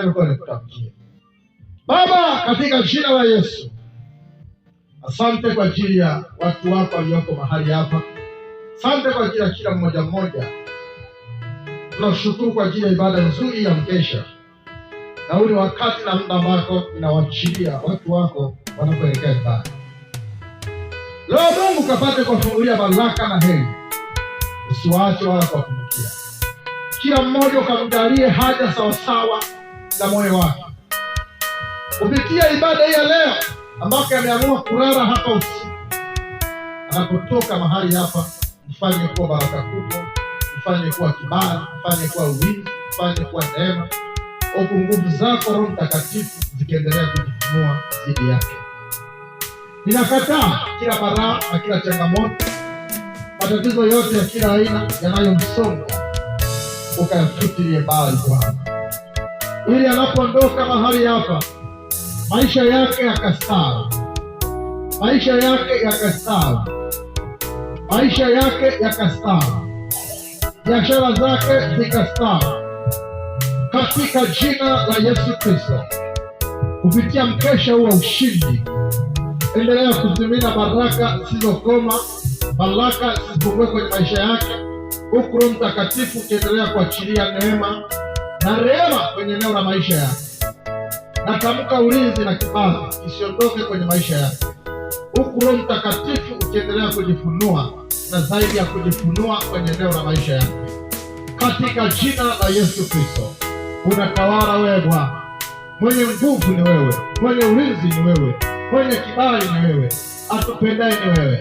Nilikuwa nikutamkia Baba, katika jina la Yesu, asante kwa ajili ya watu wako walioko mahali hapa. Asante kwa ajili ya kila mmoja mmoja. Tunashukuru kwa ajili ya ibada nzuri ya mkesha, na huu ni wakati na muda ambako inawachilia watu wako wanapoelekea ibada. Leo Mungu kapate kuwafungulia baraka na heri, usiwaache wala kuwapungukia. Kila mmoja ukamjalie haja sawasawa na moyo wake. Kupitia ibada hii ya leo, ambako ameamua kulala hapa usiku, anapotoka mahali hapa, mfanye kuwa baraka kubwa, mfanye kuwa kibali, mfanye kuwa uwingi, mfanye kuwa neema, huku nguvu zako Roho Mtakatifu zikiendelea kujifunua dhidi yake. Ninakataa kila baraa na kila changamoto, matatizo yote ya kila aina yanayomsonga, ukayafutilie mbali Bwana ili anapoondoka mahali hapa maisha yake yakasala, maisha yake yakasala, maisha yake yakasala, biashara zake zikasala, katika jina la Yesu Kristo. Kupitia mkesha huu wa ushindi, endelea kuzimina baraka zisizokoma, baraka zisipungue kwenye maisha yake, huku Roho Mtakatifu ukiendelea kuachilia neema na rehema kwenye eneo la maisha yake. Natamka ulinzi na kibali isiondoke kwenye maisha yake, huku Roho Mtakatifu ukiendelea kujifunua na zaidi ya kujifunua kwenye eneo la maisha yake, katika jina la Yesu Kristo. Unatawala wewe Bwana, mwenye nguvu ni wewe, mwenye ulinzi ni wewe, mwenye kibali ni wewe, atupendaye ni wewe,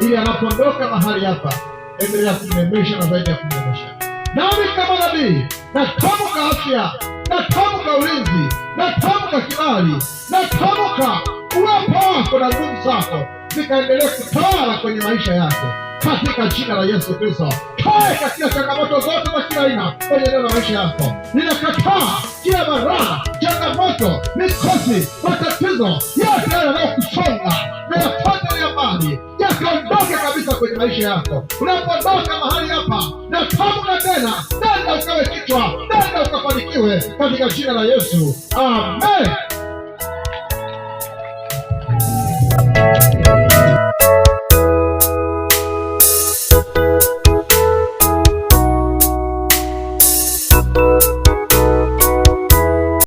ili anapoondoka mahali hapa, endelea kumemesha na zaidi ya kumemesha nami kama nabii natamka afya, natamka ulinzi, natamka kibali, natamka uwepo wako na nguvu zako zikaendelea kutawala kwenye maisha yako katika jina la Yesu Kristo. Kae katika changamoto zote za kila aina kwenye eneo la maisha yako. Ninakataa kila baraa changamoto, mikosi, matatizo kwenye maisha yako. Unapoondoka mahali hapa na kamna tena, nenda ukawe kichwa, nenda ukafanikiwe katika jina la Yesu, amen.